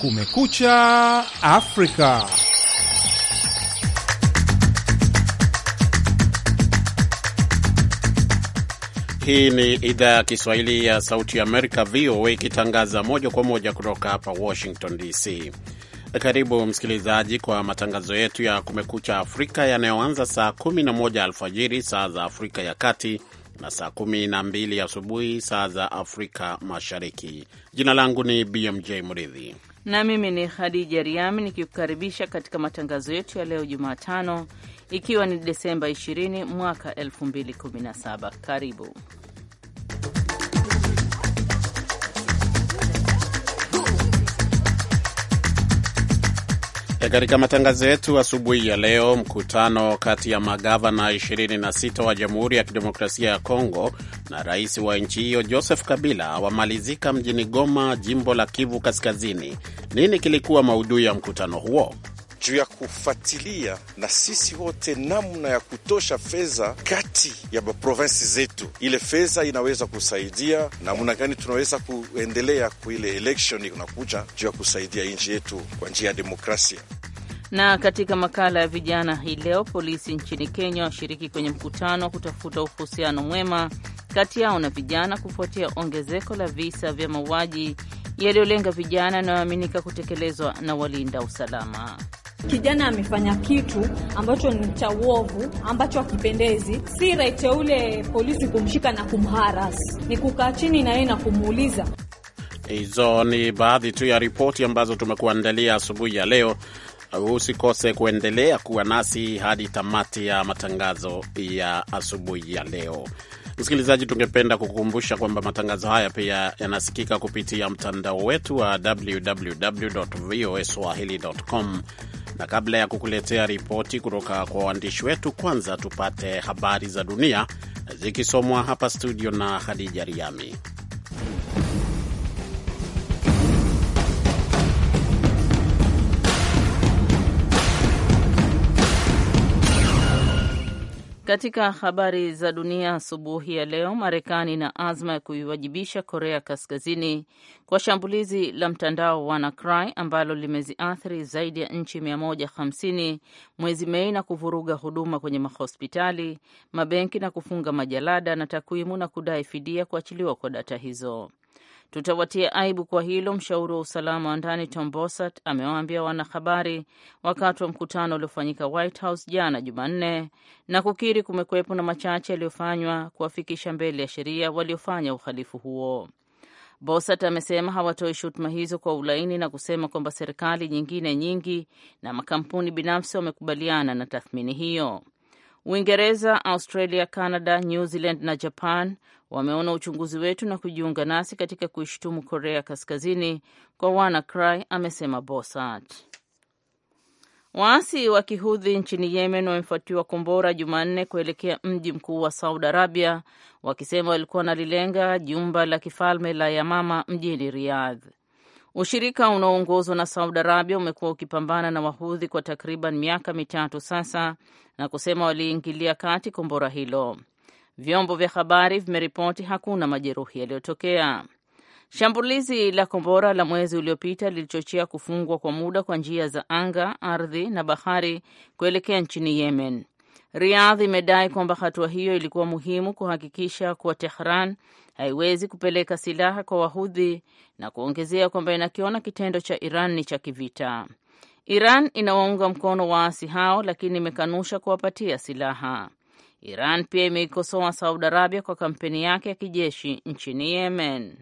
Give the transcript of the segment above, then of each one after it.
Kumekucha Afrika. Hii ni idhaa ya Kiswahili ya Sauti ya Amerika, VOA, ikitangaza moja kwa moja kutoka hapa Washington DC. Karibu msikilizaji kwa matangazo yetu ya Kumekucha Afrika yanayoanza saa 11 alfajiri saa za Afrika ya Kati na saa 12 asubuhi saa za Afrika Mashariki. Jina langu ni BMJ Mridhi na mimi ni Khadija Riami nikikukaribisha katika matangazo yetu ya leo Jumatano, ikiwa ni Desemba 20 mwaka 2017. Karibu E, katika matangazo yetu asubuhi ya leo, mkutano kati ya magavana 26 wa Jamhuri ya Kidemokrasia ya Kongo na rais wa nchi hiyo Joseph Kabila wamalizika mjini Goma, jimbo la Kivu Kaskazini. Nini kilikuwa maudhui ya mkutano huo? juu ya kufuatilia na sisi wote namna ya kutosha fedha kati ya maprovensi zetu, ile fedha inaweza kusaidia namna gani tunaweza kuendelea kuile election inakuja juu ya kusaidia nchi yetu kwa njia ya demokrasia. Na katika makala ya vijana hii leo, polisi nchini Kenya washiriki kwenye mkutano wa kutafuta uhusiano mwema kati yao na vijana kufuatia ongezeko la visa vya mauaji yaliyolenga vijana yanayoaminika kutekelezwa na walinda usalama. Kijana amefanya kitu ambacho ni cha uovu, ambacho hakipendezi. Si rai teule polisi kumshika na kumharas, ni kukaa chini na yeye na kumuuliza. Hizo ni baadhi tu ya ripoti ambazo tumekuandalia asubuhi ya leo. Usikose kuendelea kuwa nasi hadi tamati ya matangazo ya asubuhi ya leo. Msikilizaji, tungependa kukumbusha kwamba matangazo haya pia yanasikika kupitia mtandao wetu wa www voa swahili.com na kabla ya kukuletea ripoti kutoka kwa waandishi wetu, kwanza tupate habari za dunia zikisomwa hapa studio na Khadija Riami. Katika habari za dunia asubuhi ya leo, Marekani ina azma ya kuiwajibisha Korea Kaskazini kwa shambulizi la mtandao WannaCry ambalo limeziathiri zaidi ya nchi 150 mwezi Mei na kuvuruga huduma kwenye mahospitali, mabenki na kufunga majalada na takwimu na kudai fidia kuachiliwa kwa data hizo. Tutawatia aibu kwa hilo, mshauri wa usalama wa ndani Tom Bossert amewaambia wanahabari wakati wa mkutano uliofanyika White House jana Jumanne, na kukiri kumekuwepo na machache yaliyofanywa kuwafikisha mbele ya sheria waliofanya uhalifu huo. bosat amesema hawatoi shutuma hizo kwa ulaini na kusema kwamba serikali nyingine nyingi na makampuni binafsi wamekubaliana na tathmini hiyo. Uingereza, Australia, Canada, New Zealand na Japan wameona uchunguzi wetu na kujiunga nasi katika kuishutumu Korea Kaskazini kwa WannaCry, amesema Bosat. Waasi wa kihudhi nchini Yemen wamefuatiwa kombora Jumanne kuelekea mji mkuu wa Saudi Arabia, wakisema walikuwa wanalilenga jumba la kifalme la Yamama mjini Riyadh. Ushirika unaoongozwa na Saudi Arabia umekuwa ukipambana na wahudhi kwa takriban miaka mitatu sasa na kusema waliingilia kati kombora hilo. Vyombo vya habari vimeripoti hakuna majeruhi yaliyotokea. Shambulizi la kombora la mwezi uliopita lilichochea kufungwa kwa muda kwa njia za anga, ardhi na bahari kuelekea nchini Yemen. riadhi imedai kwamba hatua hiyo ilikuwa muhimu kuhakikisha kuwa Tehran haiwezi kupeleka silaha kwa Wahudhi na kuongezea kwamba inakiona kitendo cha Iran ni cha kivita. Iran inawaunga mkono waasi hao, lakini imekanusha kuwapatia silaha. Iran pia imeikosoa Saudi Arabia kwa kampeni yake ya kijeshi nchini Yemen.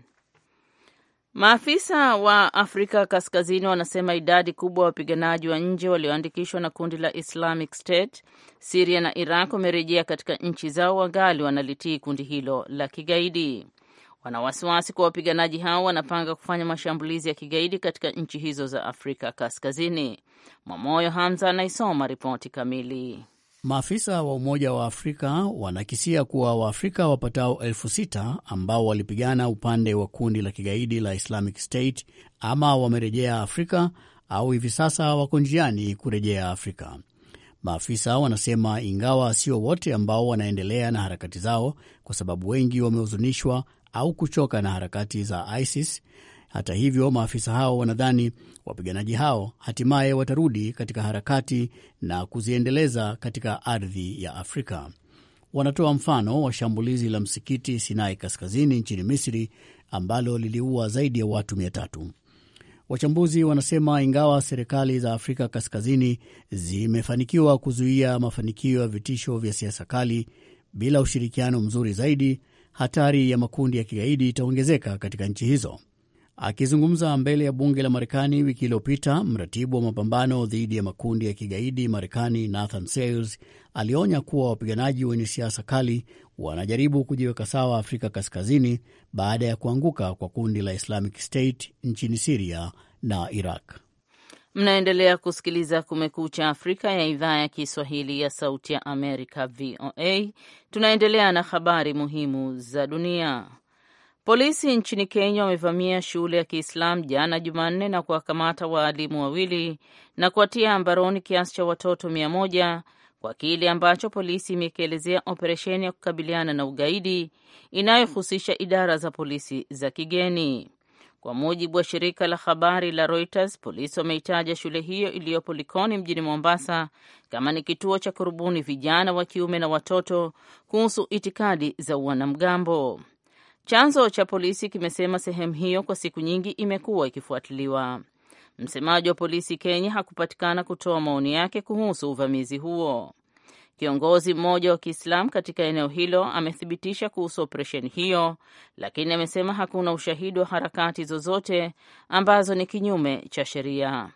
Maafisa wa Afrika Kaskazini wanasema idadi kubwa ya wapiganaji wa nje walioandikishwa na kundi la Islamic State Siria na Iraq wamerejea katika nchi zao, wangali wanalitii kundi hilo la kigaidi wana wasiwasi kuwa wapiganaji hao wanapanga kufanya mashambulizi ya kigaidi katika nchi hizo za Afrika Kaskazini. Mwamoyo Hamza anaisoma ripoti kamili. Maafisa wa Umoja wa Afrika wanakisia kuwa Waafrika wapatao elfu sita ambao walipigana upande wa kundi la kigaidi la Islamic State ama wamerejea Afrika au hivi sasa wako njiani kurejea Afrika. Maafisa wanasema ingawa sio wote ambao wanaendelea na harakati zao, kwa sababu wengi wamehuzunishwa au kuchoka na harakati za ISIS. Hata hivyo, maafisa hao wanadhani wapiganaji hao hatimaye watarudi katika harakati na kuziendeleza katika ardhi ya Afrika. Wanatoa mfano wa shambulizi la msikiti Sinai Kaskazini nchini Misri ambalo liliua zaidi ya watu mia tatu. Wachambuzi wanasema ingawa serikali za Afrika Kaskazini zimefanikiwa kuzuia mafanikio ya vitisho vya siasa kali, bila ushirikiano mzuri zaidi hatari ya makundi ya kigaidi itaongezeka katika nchi hizo. Akizungumza mbele ya bunge la Marekani wiki iliyopita, mratibu wa mapambano dhidi ya makundi ya kigaidi Marekani, Nathan Sales, alionya kuwa wapiganaji wenye siasa kali wanajaribu kujiweka sawa Afrika Kaskazini baada ya kuanguka kwa kundi la Islamic State nchini Siria na Iraq. Mnaendelea kusikiliza Kumekucha Afrika ya idhaa ya Kiswahili ya Sauti ya Amerika, VOA. Tunaendelea na habari muhimu za dunia. Polisi nchini Kenya wamevamia shule ya Kiislamu jana Jumanne na kuwakamata waalimu wawili na kuwatia mbaroni kiasi cha watoto mia moja kwa kile ambacho polisi imekielezea operesheni ya kukabiliana na ugaidi inayohusisha idara za polisi za kigeni. Kwa mujibu wa shirika la habari la Reuters, polisi wameitaja shule hiyo iliyopo Likoni mjini Mombasa kama ni kituo cha kurubuni vijana wa kiume na watoto kuhusu itikadi za wanamgambo. Chanzo cha polisi kimesema sehemu hiyo kwa siku nyingi imekuwa ikifuatiliwa. Msemaji wa polisi Kenya hakupatikana kutoa maoni yake kuhusu uvamizi huo. Kiongozi mmoja wa Kiislamu katika eneo hilo amethibitisha kuhusu operesheni hiyo, lakini amesema hakuna ushahidi wa harakati zozote ambazo ni kinyume cha sheria.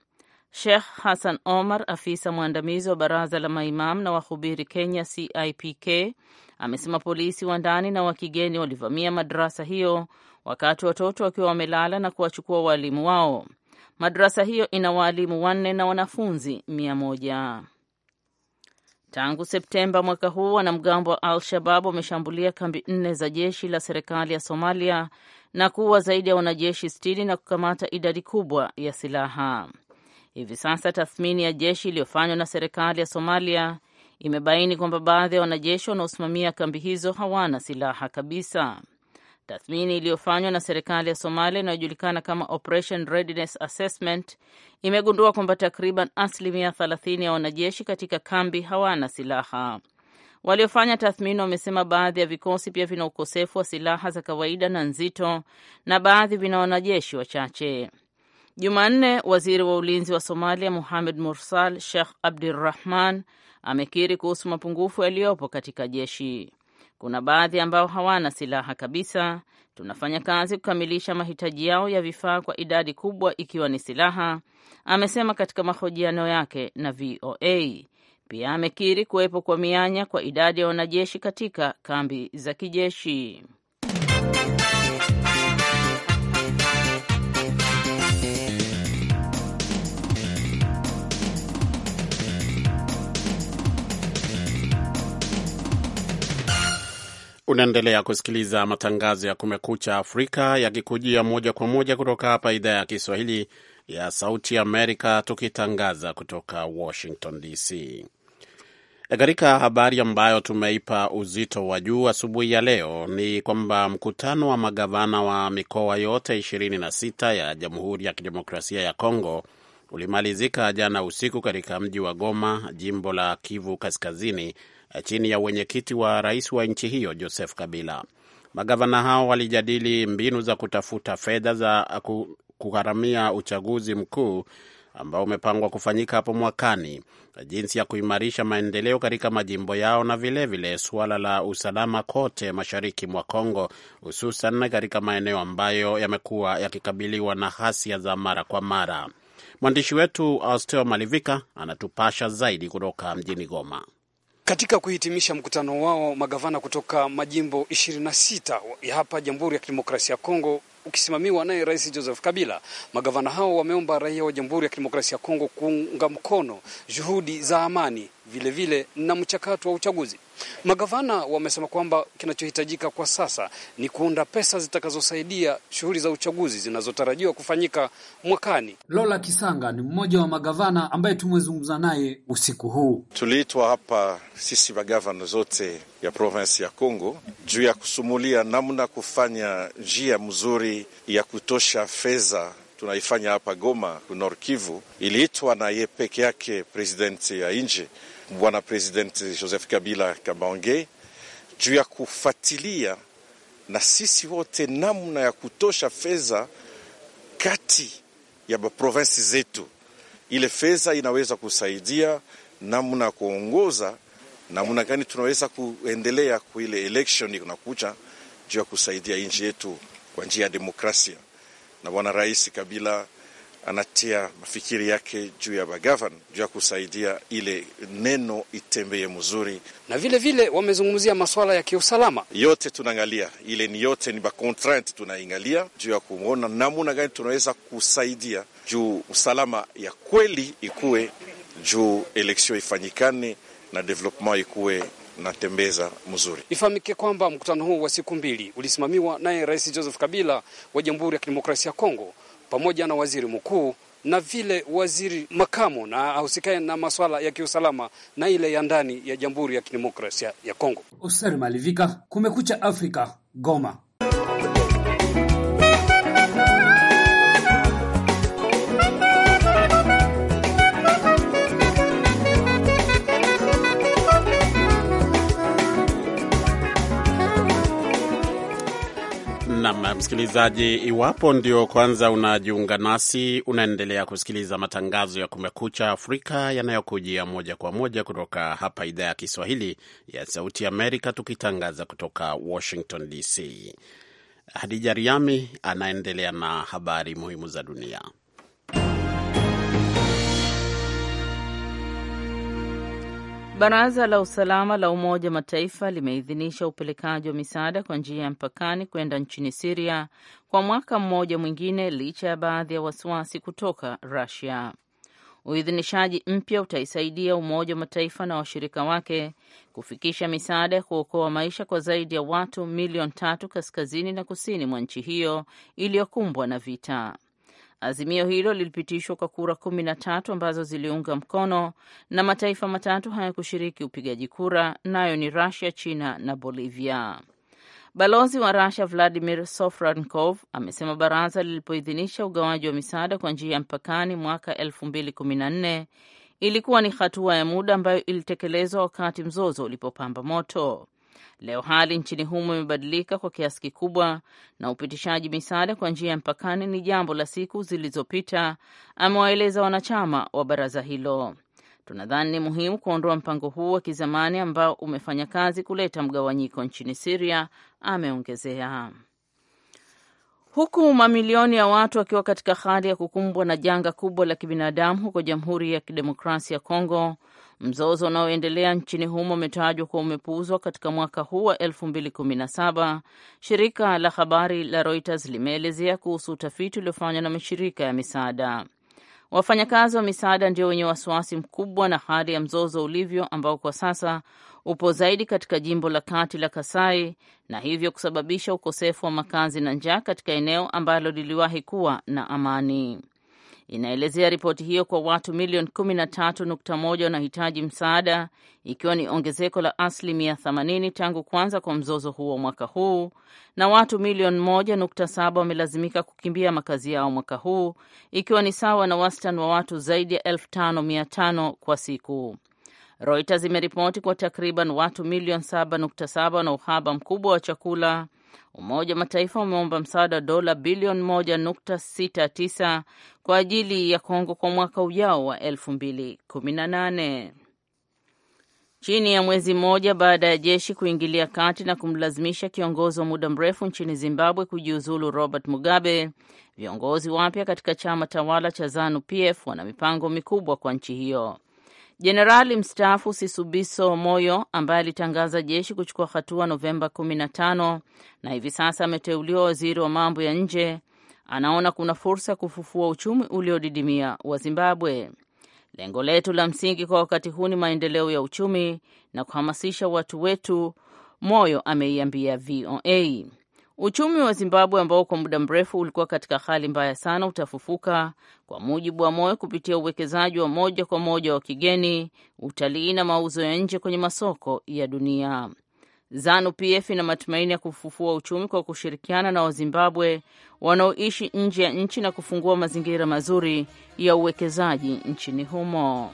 Sheikh Hassan Omar, afisa mwandamizi wa baraza la maimam na wahubiri Kenya CIPK, amesema polisi wa ndani na wa kigeni walivamia madrasa hiyo wakati watoto wakiwa wamelala na kuwachukua waalimu wao. Madrasa hiyo ina waalimu wanne na wanafunzi mia moja. Tangu Septemba mwaka huu wanamgambo wa Al Shabab wameshambulia kambi nne za jeshi la serikali ya Somalia na kuua zaidi ya wanajeshi sitini na kukamata idadi kubwa ya silaha. Hivi sasa tathmini ya jeshi iliyofanywa na serikali ya Somalia imebaini kwamba baadhi ya wanajeshi wanaosimamia kambi hizo hawana silaha kabisa. Tathmini iliyofanywa na serikali ya Somalia inayojulikana kama Operation Readiness Assessment imegundua kwamba takriban asilimia 30 ya wanajeshi katika kambi hawana silaha. Waliofanya tathmini wamesema baadhi ya vikosi pia vina ukosefu wa silaha za kawaida na nzito na baadhi vina wanajeshi wachache. Jumanne, waziri wa ulinzi wa Somalia Muhamed Mursal Sheikh abdurahman amekiri kuhusu mapungufu yaliyopo katika jeshi. Kuna baadhi ambao hawana silaha kabisa. Tunafanya kazi kukamilisha mahitaji yao ya vifaa kwa idadi kubwa, ikiwa ni silaha, amesema katika mahojiano yake na VOA. Pia amekiri kuwepo kwa mianya kwa idadi ya wanajeshi katika kambi za kijeshi. Unaendelea kusikiliza matangazo ya Kumekucha Afrika yakikujia moja kwa moja kutoka hapa idhaa ya Kiswahili ya Sauti Amerika, tukitangaza kutoka Washington DC. Katika habari ambayo tumeipa uzito wa juu asubuhi ya leo ni kwamba mkutano wa magavana wa mikoa yote 26 ya Jamhuri ya Kidemokrasia ya Kongo ulimalizika jana usiku katika mji wa Goma, jimbo la Kivu Kaskazini, chini ya wenyekiti wa rais wa nchi hiyo Joseph Kabila. Magavana hao walijadili mbinu za kutafuta fedha za kugharamia uchaguzi mkuu ambao umepangwa kufanyika hapo mwakani, jinsi ya kuimarisha maendeleo katika majimbo yao na vilevile suala la usalama kote mashariki mwa Kongo, hususan katika maeneo ambayo yamekuwa yakikabiliwa na ghasia za mara kwa mara. Mwandishi wetu Austeo Malivika anatupasha zaidi kutoka mjini Goma. Katika kuhitimisha mkutano wao, magavana kutoka majimbo 26 ya hapa Jamhuri ya Kidemokrasia ya Kongo ukisimamiwa naye Rais Joseph Kabila, magavana hao wameomba raia wa Jamhuri ya Kidemokrasia ya Kongo kuunga mkono juhudi za amani vilevile vile na mchakato wa uchaguzi. Magavana wamesema kwamba kinachohitajika kwa sasa ni kuunda pesa zitakazosaidia shughuli za uchaguzi zinazotarajiwa kufanyika mwakani. Lola Kisanga ni mmoja wa magavana ambaye tumezungumza naye usiku huu. Tuliitwa hapa sisi magavana zote ya provinsi ya Kongo juu ya kusumulia namna kufanya njia mzuri ya kutosha fedha tunaifanya hapa Goma, Nord Kivu. Iliitwa na ye peke yake presidenti ya nje Bwana President Joseph Kabila Kabange juu ya kufuatilia na sisi wote namna ya kutosha fedha kati ya provensi zetu. Ile fedha inaweza kusaidia namna ya kuongoza, namna gani tunaweza kuendelea kwa ile election inakuja juu ya kusaidia nchi yetu kwa njia ya demokrasia, na bwana Rais Kabila anatia mafikiri yake juu ya magavan juu ya kusaidia ile neno itembee mzuri, na vile vile wamezungumzia masuala ya kiusalama. Yote tunaangalia ile ni yote ni bacontrainte tunaingalia juu ya kuona namna gani tunaweza kusaidia juu usalama ya kweli ikuwe, juu eleksio ifanyikane na development ikuwe natembeza mzuri. Ifahamike kwamba mkutano huu wa siku mbili ulisimamiwa naye Rais Joseph Kabila wa Jamhuri ya Kidemokrasia ya Kongo pamoja na waziri mkuu na vile waziri makamu na ahusikaye na masuala ya kiusalama na ile ya ndani ya Jamhuri ya Kidemokrasia ya Kongo. Oser Malivika, Kumekucha Afrika, Goma. Msikilizaji, iwapo ndio kwanza unajiunga nasi, unaendelea kusikiliza matangazo ya Kumekucha Afrika yanayokujia moja kwa moja kutoka hapa idhaa ya Kiswahili ya Sauti Amerika, tukitangaza kutoka Washington DC. Hadija Riami anaendelea na habari muhimu za dunia. Baraza la Usalama la Umoja wa Mataifa limeidhinisha upelekaji wa misaada kwa njia ya mpakani kwenda nchini Siria kwa mwaka mmoja mwingine licha ya baadhi ya wasiwasi kutoka Rusia. Uidhinishaji mpya utaisaidia Umoja wa Mataifa na washirika wake kufikisha misaada ya kuokoa maisha kwa zaidi ya watu milioni tatu kaskazini na kusini mwa nchi hiyo iliyokumbwa na vita. Azimio hilo lilipitishwa kwa kura kumi na tatu ambazo ziliunga mkono na mataifa matatu hayakushiriki upigaji kura, nayo ni rasia China na Bolivia. Balozi wa Russia Vladimir Sofrankov amesema baraza lilipoidhinisha ugawaji wa misaada kwa njia ya mpakani mwaka nne ilikuwa ni hatua ya muda ambayo ilitekelezwa wakati mzozo ulipopamba moto. Leo hali nchini humo imebadilika kwa kiasi kikubwa, na upitishaji misaada kwa njia ya mpakani ni jambo la siku zilizopita, amewaeleza wanachama wa baraza hilo. Tunadhani ni muhimu kuondoa mpango huu wa kizamani ambao umefanya kazi kuleta mgawanyiko nchini Siria, ameongezea. Huku mamilioni ya watu wakiwa katika hali ya kukumbwa na janga kubwa la kibinadamu huko Jamhuri ya Kidemokrasia ya Kongo, Mzozo unaoendelea nchini humo umetajwa kuwa umepuuzwa katika mwaka huu wa 2017. Shirika la habari la Reuters limeelezea kuhusu utafiti uliofanywa na mashirika ya misaada. Wafanyakazi wa misaada ndio wenye wasiwasi mkubwa na hali ya mzozo ulivyo, ambao kwa sasa upo zaidi katika jimbo la kati la Kasai na hivyo kusababisha ukosefu wa makazi na njaa katika eneo ambalo liliwahi kuwa na amani. Inaelezea ripoti hiyo kwa watu milioni 13.1 wanahitaji msaada, ikiwa ni ongezeko la asilimia 80 tangu kwanza kwa mzozo huo mwaka huu, na watu milioni 1.7 wamelazimika kukimbia makazi yao mwaka huu, ikiwa ni sawa na wastani wa watu zaidi ya 5500 kwa siku. Reuters imeripoti kwa takriban watu milioni 7.7 na uhaba mkubwa wa chakula Umoja wa Mataifa umeomba msaada wa dola bilioni 1.69 kwa ajili ya Kongo kwa mwaka ujao wa 2018. Chini ya mwezi mmoja baada ya jeshi kuingilia kati na kumlazimisha kiongozi wa muda mrefu nchini Zimbabwe kujiuzulu Robert Mugabe, viongozi wapya katika chama tawala cha Zanu PF wana mipango mikubwa kwa nchi hiyo. Jenerali mstaafu Sisubiso Moyo ambaye alitangaza jeshi kuchukua hatua Novemba 15 na hivi sasa ameteuliwa waziri wa mambo ya nje, anaona kuna fursa ya kufufua uchumi uliodidimia wa Zimbabwe. Lengo letu la msingi kwa wakati huu ni maendeleo ya uchumi na kuhamasisha watu wetu, Moyo ameiambia VOA. Uchumi wa Zimbabwe ambao kwa muda mrefu ulikuwa katika hali mbaya sana utafufuka kwa mujibu wa Moyo kupitia uwekezaji wa moja kwa moja wa kigeni, utalii na mauzo ya nje kwenye masoko ya dunia. ZANU PF ina matumaini ya kufufua uchumi kwa kushirikiana na Wazimbabwe wanaoishi nje ya nchi na kufungua mazingira mazuri ya uwekezaji nchini humo.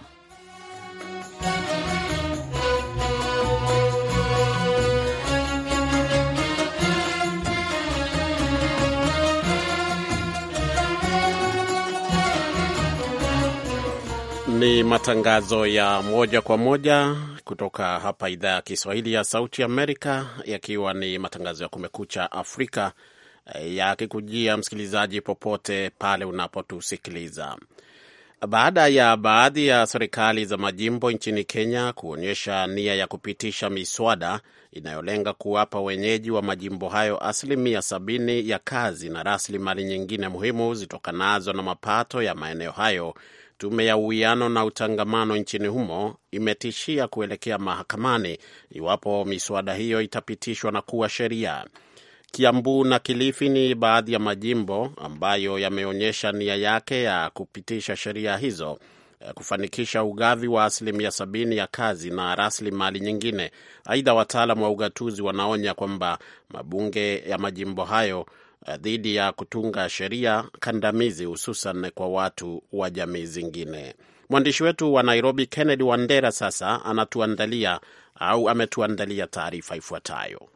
Ni matangazo ya moja kwa moja kutoka hapa idhaa ya Kiswahili ya Sauti Amerika, yakiwa ni matangazo ya Kumekucha Afrika eh, yakikujia msikilizaji popote pale unapotusikiliza. Baada ya baadhi ya serikali za majimbo nchini Kenya kuonyesha nia ya kupitisha miswada inayolenga kuwapa wenyeji wa majimbo hayo asilimia sabini ya kazi na rasilimali nyingine muhimu zitokanazo na mapato ya maeneo hayo, Tume ya uwiano na utangamano nchini humo imetishia kuelekea mahakamani iwapo miswada hiyo itapitishwa na kuwa sheria. Kiambu na Kilifi ni baadhi ya majimbo ambayo yameonyesha nia yake ya kupitisha sheria hizo eh, kufanikisha ugavi wa asilimia sabini ya kazi na rasilimali nyingine. Aidha, wataalam wa ugatuzi wanaonya kwamba mabunge ya majimbo hayo Eh, dhidi ya kutunga sheria kandamizi hususan kwa watu wa jamii zingine. Mwandishi wetu wa Nairobi, Kennedy Wandera, sasa anatuandalia au ametuandalia taarifa ifuatayo.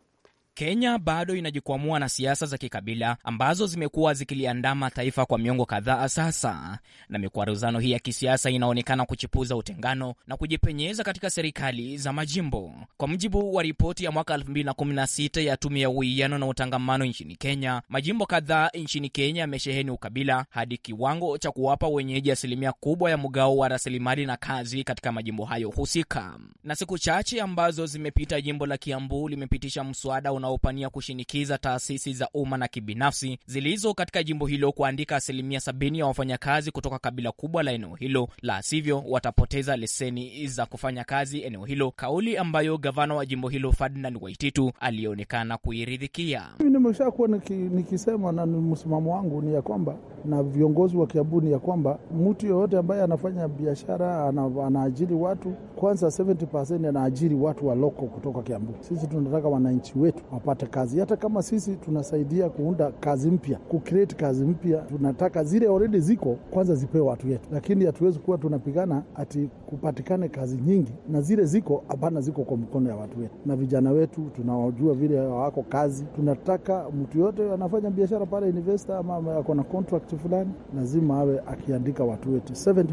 Kenya bado inajikwamua na siasa za kikabila ambazo zimekuwa zikiliandama taifa kwa miongo kadhaa sasa, na mikwaruzano hii ya kisiasa inaonekana kuchipuza utengano na kujipenyeza katika serikali za majimbo. Kwa mujibu wa ripoti ya mwaka 2016 ya Tume ya Uwiano na Utangamano nchini Kenya, majimbo kadhaa nchini Kenya yamesheheni ukabila hadi kiwango cha kuwapa wenyeji asilimia kubwa ya mgao wa rasilimali na kazi katika majimbo hayo husika. Na siku chache ambazo zimepita, jimbo la Kiambu limepitisha mswada unaopania kushinikiza taasisi za umma na kibinafsi zilizo katika jimbo hilo kuandika asilimia sabini ya wafanyakazi kutoka kabila kubwa la eneo hilo, la sivyo watapoteza leseni za kufanya kazi eneo hilo, kauli ambayo gavana wa jimbo hilo Ferdinand Waititu alionekana kuiridhikia. Nimeshakuwa niki, nikisema na msimamo wangu ni ya kwamba na viongozi wa Kiambu ni ya kwamba mtu yoyote ambaye anafanya biashara anaajiri watu kwanza, 70% anaajiri watu wa loko kutoka Kiambu. Sisi tunataka wananchi wetu wapate kazi. Hata kama sisi tunasaidia kuunda kazi mpya, kucreate kazi mpya, tunataka zile already ziko kwanza zipewe watu yetu, lakini hatuwezi kuwa tunapigana ati kupatikane kazi nyingi na zile ziko hapana, ziko kwa mkono ya watu wetu. Na vijana wetu tunawajua vile wako kazi, tunataka mtu yote anafanya biashara pale univesta ama ako na contract fulani, lazima awe akiandika watu wetu 70%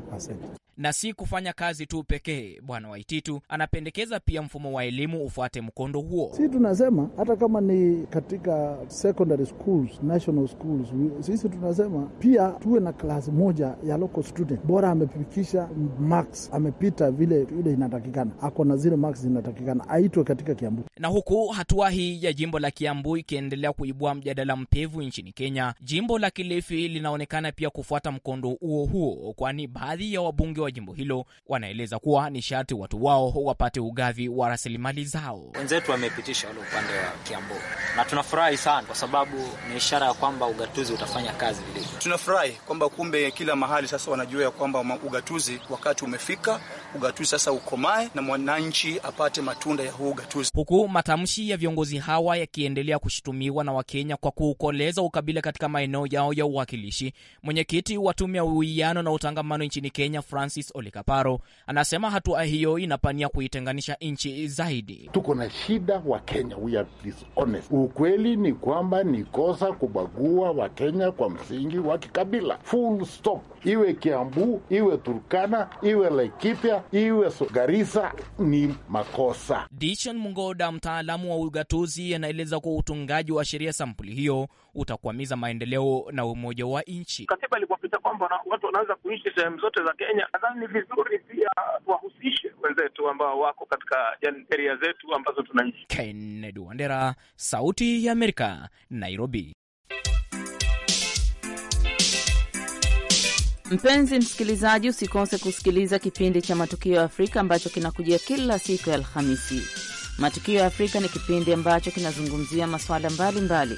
na si kufanya kazi tu pekee. Bwana Waititu anapendekeza pia mfumo wa elimu ufuate mkondo huo. Si tunasema hata kama ni katika secondary schools, national schools, sisi tunasema pia tuwe na klasi moja ya local student, bora amepikisha max, amepita vile ile inatakikana, ako na zile max zinatakikana, aitwe katika Kiambu. Na huku hatua hii ya jimbo la Kiambu ikiendelea kuibua mjadala mpevu nchini Kenya, jimbo la Kilifi linaonekana pia kufuata mkondo huo huo, kwani baadhi ya wabunge wa wa jimbo hilo wanaeleza kuwa ni sharti watu wao wapate ugavi wa rasilimali zao. Wenzetu wamepitisha ule upande wa Kiambu na tunafurahi sana, kwa sababu ni ishara ya kwamba ugatuzi utafanya kazi vilivyo. Tunafurahi kwamba kumbe kila mahali sasa wanajua ya kwamba ugatuzi wakati umefika, ugatuzi sasa ukomae na mwananchi apate matunda ya huu ugatuzi, huku matamshi ya viongozi hawa yakiendelea kushutumiwa na Wakenya kwa kuukoleza ukabila katika maeneo yao ya uwakilishi. Mwenyekiti wa tume ya uwiano na utangamano nchini Kenya Francis Francis Olikaparo anasema hatua hiyo inapania kuitenganisha nchi zaidi. Tuko na shida wa Kenya, we are dishonest. Ukweli ni kwamba ni kosa kubagua Wakenya kwa msingi wa kikabila, full stop. Iwe Kiambu, iwe Turkana, iwe Laikipia, iwe Garissa, ni makosa. Dichan Mungoda, mtaalamu wa ugatuzi, anaeleza kuwa utungaji wa sheria sampuli hiyo utakwamiza maendeleo na umoja wa nchi. Katiba ilipopita kwamba watu wanaweza kuishi sehemu zote za Kenya, nadhani ni vizuri pia wahusishe wenzetu ambao wako katika eria zetu ambazo tunaishi. Kennedy Wandera, Sauti ya Amerika, Nairobi. Mpenzi msikilizaji, usikose kusikiliza kipindi cha Matukio ya Afrika ambacho kinakujia kila siku ya Alhamisi. Matukio ya Afrika ni kipindi ambacho kinazungumzia masuala mbalimbali mbali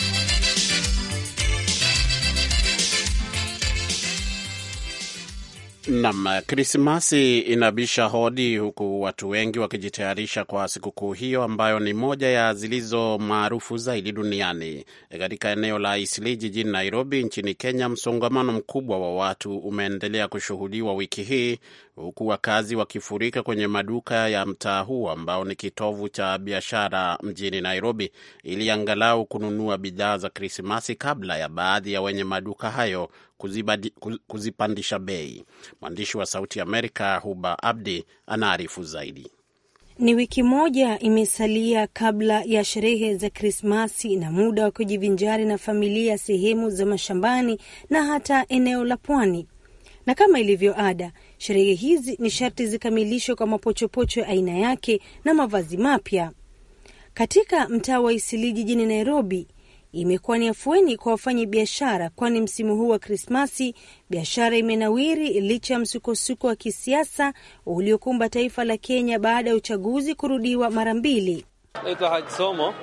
Nam, Krismasi inabisha hodi huku watu wengi wakijitayarisha kwa sikukuu hiyo ambayo ni moja ya zilizo maarufu zaidi duniani. Katika eneo la Isli jijini Nairobi nchini Kenya, msongamano mkubwa wa watu umeendelea kushuhudiwa wiki hii huku wakazi wakifurika kwenye maduka ya mtaa huu ambao ni kitovu cha biashara mjini Nairobi ili angalau kununua bidhaa za Krismasi kabla ya baadhi ya wenye maduka hayo kuzibadi, kuzipandisha bei. Mwandishi wa Sauti ya Amerika Huba Abdi anaarifu zaidi. Ni wiki moja imesalia kabla ya sherehe za Krismasi na muda wa kujivinjari na familia sehemu za mashambani na hata eneo la pwani, na kama ilivyo ada Sherehe hizi ni sharti zikamilishwe kwa mapochopocho ya aina yake na mavazi mapya. Katika mtaa wa isili jijini Nairobi, imekuwa ni afueni kwa wafanyi biashara, kwani msimu huu wa Krismasi biashara imenawiri licha ya msukosuko wa kisiasa uliokumba taifa la Kenya baada ya uchaguzi kurudiwa mara mbili. Naitwa Haji Somo.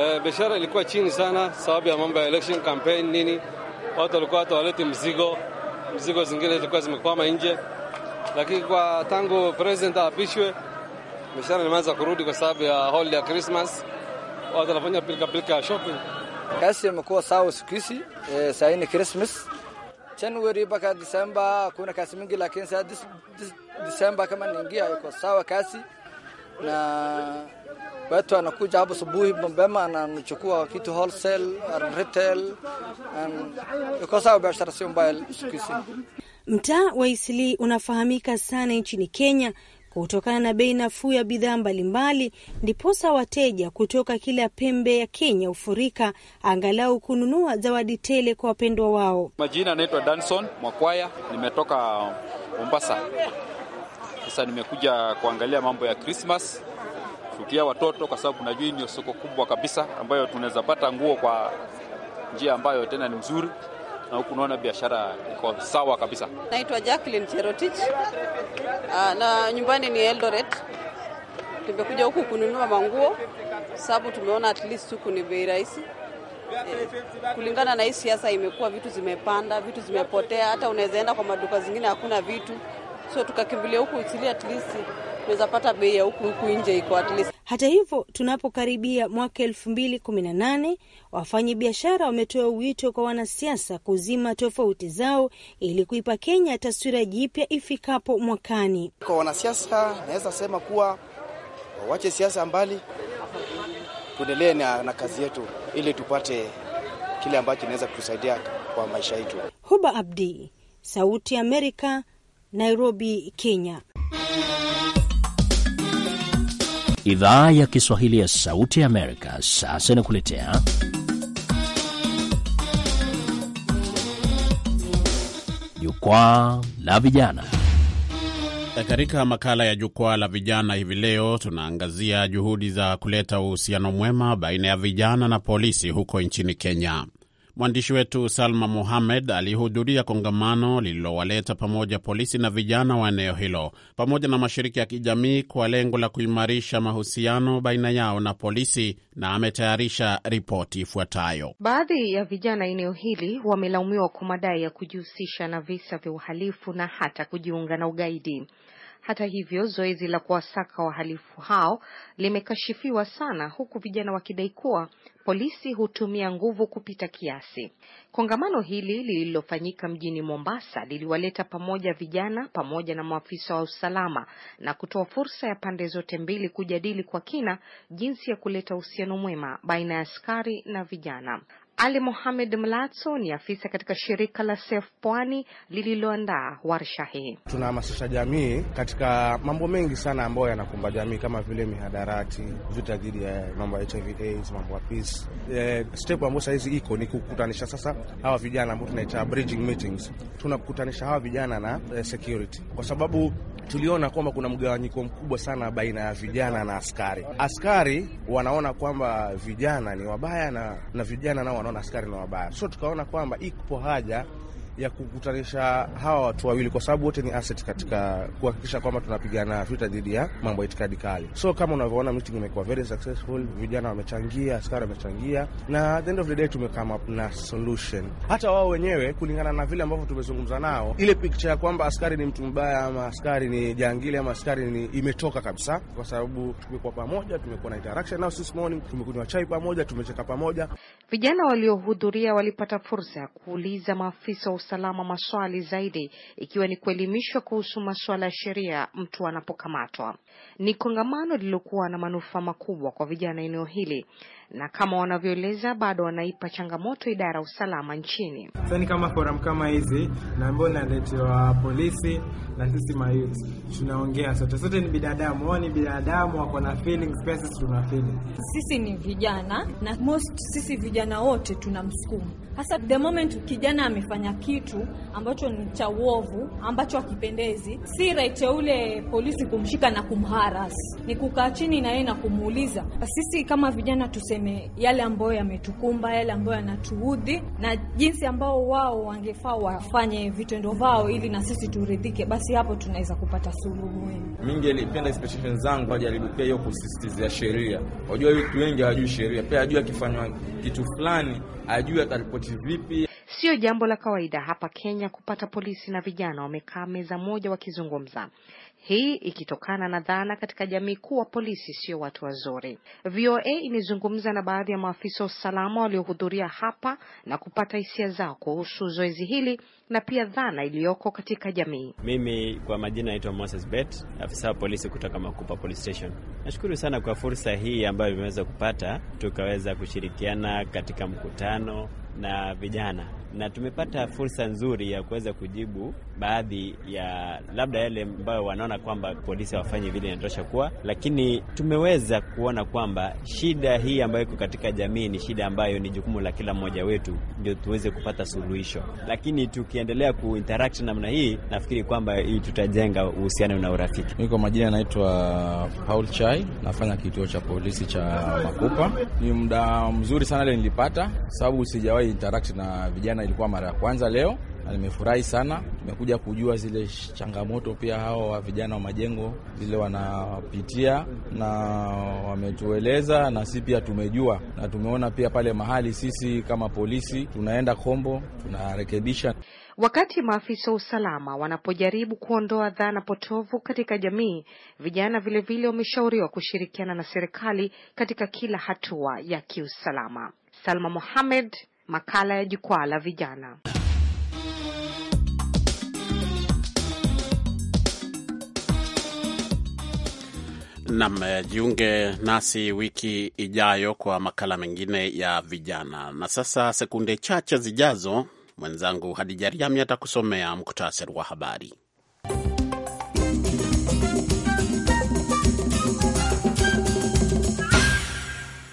E, biashara ilikuwa chini sana sababu ya mambo ya election campaign nini, watu walikuwa hata waleti mzigo mzigo zingine zilikuwa zimekwama nje, lakini kwa tangu president aapishwe mishara nimeanza kurudi kwa sababu ya holiday ya Christmas, watu wanafanya pilika pilika shopping. Kasi imekuwa sawa siku hizi e, sahii ni Christmas January mpaka December kuna kasi mingi, lakini sa Disemba kama niingia iko sawa kasi na watu anakuja hapo subuhi mapema, anachukua kitu wholesale and retail and because sawa, biashara sio mbaya siku hizi. Mtaa wa Isli unafahamika sana nchini Kenya kutokana na bei nafuu ya bidhaa mbalimbali, ndiposa wateja kutoka kila pembe ya Kenya hufurika angalau kununua zawadi tele kwa wapendwa wao. Majina anaitwa Danson Mwakwaya, nimetoka Mombasa. Sasa nimekuja kuangalia mambo ya Christmas kutia watoto, kwa sababu najua hii ndio soko kubwa kabisa ambayo tunaweza pata nguo kwa njia ambayo tena ni mzuri, na huku unaona biashara iko sawa kabisa. Naitwa Jacqueline Cherotich ah, na nyumbani ni Eldoret. Tumekuja huku kununua manguo sababu tumeona at least huku ni bei rahisi. Eh, kulingana na hii siasa imekuwa, vitu zimepanda, vitu zimepotea, hata unaweza enda kwa maduka zingine hakuna vitu so tukakimbilia huku Italia, at least tunaweza pata bei ya huku huku nje iko at least. Hata hivyo, tunapokaribia mwaka elfu mbili kumi na nane wafanyi biashara wametoa wito kwa wanasiasa kuzima tofauti zao ili kuipa Kenya taswira jipya ifikapo mwakani. Kwa wanasiasa, naweza sema kuwa wawache siasa mbali, tuendelee na, na kazi yetu ili tupate kile ambacho inaweza kutusaidia kwa maisha yetu. Huba Abdi, Sauti ya Amerika, Nairobi, Kenya. Idhaa ya Kiswahili ya Sauti ya Amerika sasa inakuletea Jukwaa la Vijana. Katika makala ya Jukwaa la Vijana hivi leo, tunaangazia juhudi za kuleta uhusiano mwema baina ya vijana na polisi huko nchini Kenya. Mwandishi wetu Salma muhamed alihudhuria kongamano lililowaleta pamoja polisi na vijana wa eneo hilo pamoja na mashirika ya kijamii kwa lengo la kuimarisha mahusiano baina yao na polisi na ametayarisha ripoti ifuatayo. Baadhi ya vijana eneo hili wamelaumiwa kwa madai ya kujihusisha na visa vya uhalifu na hata kujiunga na ugaidi. Hata hivyo, zoezi la kuwasaka wahalifu hao limekashifiwa sana, huku vijana wakidai kuwa polisi hutumia nguvu kupita kiasi. Kongamano hili lililofanyika mjini Mombasa liliwaleta pamoja vijana pamoja na maafisa wa usalama na kutoa fursa ya pande zote mbili kujadili kwa kina jinsi ya kuleta uhusiano mwema baina ya askari na vijana. Ali Mohamed Mlatso ni afisa katika shirika la Safe Pwani lililoandaa warsha hii. Tunahamasisha jamii katika mambo mengi sana ambayo yanakumba jamii kama vile mihadarati, vita dhidi ya mambo ya HIV AIDS, mambo ya peace. E, step ambayo sahizi iko ni kukutanisha sasa hawa vijana ambao tunaita bridging meetings, tunakutanisha hawa vijana na e, security kwa sababu tuliona kwamba kuna mgawanyiko mkubwa sana baina ya vijana na askari. Askari wanaona kwamba vijana ni wabaya na, na vijana nao wanaona askari na wabaya. So tukaona kwamba ipo haja ya kukutanisha hawa watu wawili, kwa sababu wote ni asset katika kuhakikisha kwamba tunapigana vita dhidi ya mambo ya itikadi kali. So kama unavyoona, meeting imekuwa very successful, vijana wamechangia, askari wamechangia, na at the end of the day tumekama up na solution. Hata wao wenyewe kulingana na vile ambavyo tumezungumza nao, ile picture ya kwamba askari ni mtu mbaya ama askari ni jangili ama askari ni imetoka kabisa, kwa sababu tumekuwa pamoja, tumekuwa na interaction nao this morning, tumekunywa chai pamoja, tumecheka pamoja. Vijana waliohudhuria walipata fursa ya kuuliza maafisa usalama maswali zaidi, ikiwa ni kuelimishwa kuhusu masuala ya sheria mtu anapokamatwa. Ni kongamano lililokuwa na manufaa makubwa kwa vijana eneo hili na kama wanavyoeleza bado wanaipa changamoto idara ya usalama nchini. Sani kama forum kama hizi na ambao naletewa polisi na sisi mayut tunaongea sote, sote ni binadamu, wao ni binadamu, wako na feelings, pia sisi tuna feelings. Sisi ni vijana na most, sisi vijana wote tuna msukumo, hasa the moment kijana amefanya kitu ambacho ni cha uovu ambacho hakipendezi, si right ya ule polisi kumshika na kumharas, ni kukaa chini na yeye na kumuuliza. Sisi kama vijana tuseme tuseme yale ambayo yametukumba, yale ambayo yanatuudhi, na jinsi ambao wao wangefaa wafanye vitendo vao ili na sisi turidhike, basi hapo tunaweza kupata suluhu muhimu. Mimi ningelipenda zangu wajaribu pia hiyo kusisitizia sheria. Wajua watu wengi hawajui sheria, pia ajue akifanywa kitu fulani ajue ataripoti vipi. Sio jambo la kawaida hapa Kenya kupata polisi na vijana wamekaa meza moja wakizungumza, hii ikitokana na dhana katika jamii kuwa polisi sio watu wazuri. VOA imezungumza na baadhi ya maafisa wa usalama waliohudhuria hapa na kupata hisia zao kuhusu zoezi hili na pia dhana iliyoko katika jamii. Mimi kwa majina naitwa Moses Bet, afisa wa polisi kutoka Makupa Police Station. Nashukuru sana kwa fursa hii ambayo imeweza kupata tukaweza kushirikiana katika mkutano na vijana na tumepata fursa nzuri ya kuweza kujibu baadhi ya labda yale ambayo wanaona kwamba polisi hawafanyi vile inatosha kuwa, lakini tumeweza kuona kwamba shida hii ambayo iko katika jamii ni shida ambayo ni jukumu la kila mmoja wetu ndio tuweze kupata suluhisho. Lakini tukiendelea kuinteract namna hii, nafikiri kwamba hii tutajenga uhusiano na urafiki. mi kwa majina anaitwa Paul Chai, nafanya kituo cha polisi cha Makupa. Ni muda mzuri sana ile nilipata, sababu sijawahi interact na vijana sana, ilikuwa mara ya kwanza leo na nimefurahi sana. Tumekuja kujua zile changamoto pia hao wa vijana wa majengo zile wanapitia, na wametueleza na si pia tumejua na tumeona pia pale mahali sisi kama polisi tunaenda Kombo tunarekebisha. Wakati maafisa wa usalama wanapojaribu kuondoa dhana potovu katika jamii, vijana vilevile wameshauriwa kushirikiana na serikali katika kila hatua ya kiusalama. Salma Mohamed, makala ya jukwaa la vijana. Nam, jiunge nasi wiki ijayo kwa makala mengine ya vijana. Na sasa sekunde chache zijazo, mwenzangu Hadija Riami atakusomea muktasari wa habari.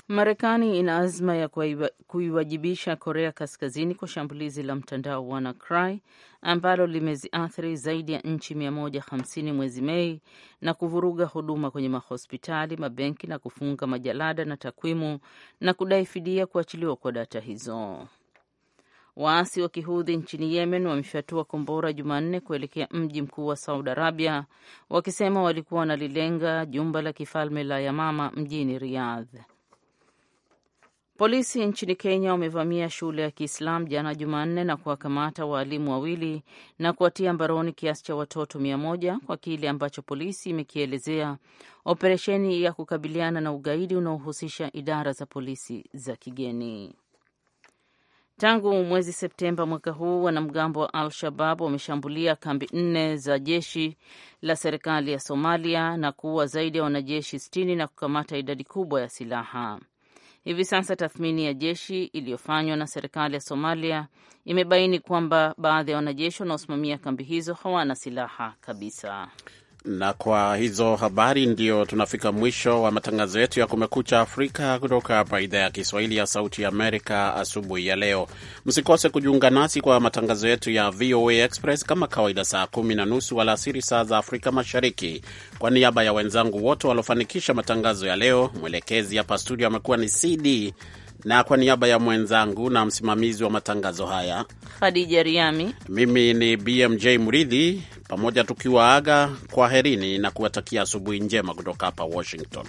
Marekani ina azma ya kuiwajibisha Korea Kaskazini kwa shambulizi la mtandao WannaCry ambalo limeziathiri zaidi ya nchi 150 mwezi Mei na kuvuruga huduma kwenye mahospitali, mabenki na kufunga majalada na takwimu na kudai fidia kuachiliwa kwa data hizo. Waasi wa kihudhi nchini Yemen wamefyatua kombora Jumanne kuelekea mji mkuu wa Saudi Arabia wakisema walikuwa wanalilenga jumba la kifalme la Yamama mjini Riyadh. Polisi nchini Kenya wamevamia shule ya Kiislamu jana Jumanne na kuwakamata waalimu wawili na kuwatia mbaroni kiasi cha watoto mia moja kwa kile ambacho polisi imekielezea operesheni ya kukabiliana na ugaidi unaohusisha idara za polisi za kigeni. Tangu mwezi Septemba mwaka huu wanamgambo wa Al Shabab wameshambulia kambi nne za jeshi la serikali ya Somalia na kuua zaidi ya wanajeshi sitini na kukamata idadi kubwa ya silaha. Hivi sasa tathmini ya jeshi iliyofanywa na serikali ya Somalia imebaini kwamba baadhi ya wanajeshi wanaosimamia kambi hizo hawana silaha kabisa. Na kwa hizo habari ndio tunafika mwisho wa matangazo yetu ya Kumekucha Afrika kutoka hapa idhaa ya Kiswahili ya Sauti Amerika asubuhi ya leo. Msikose kujiunga nasi kwa matangazo yetu ya VOA Express kama kawaida, saa kumi na nusu alasiri saa za Afrika Mashariki. Kwa niaba ya wenzangu wote waliofanikisha matangazo ya leo, mwelekezi hapa studio amekuwa ni CD na kwa niaba ya mwenzangu na msimamizi wa matangazo haya Khadija Riami, mimi ni BMJ Muridhi pamoja tukiwaaga kwaherini na kuwatakia asubuhi njema kutoka hapa Washington.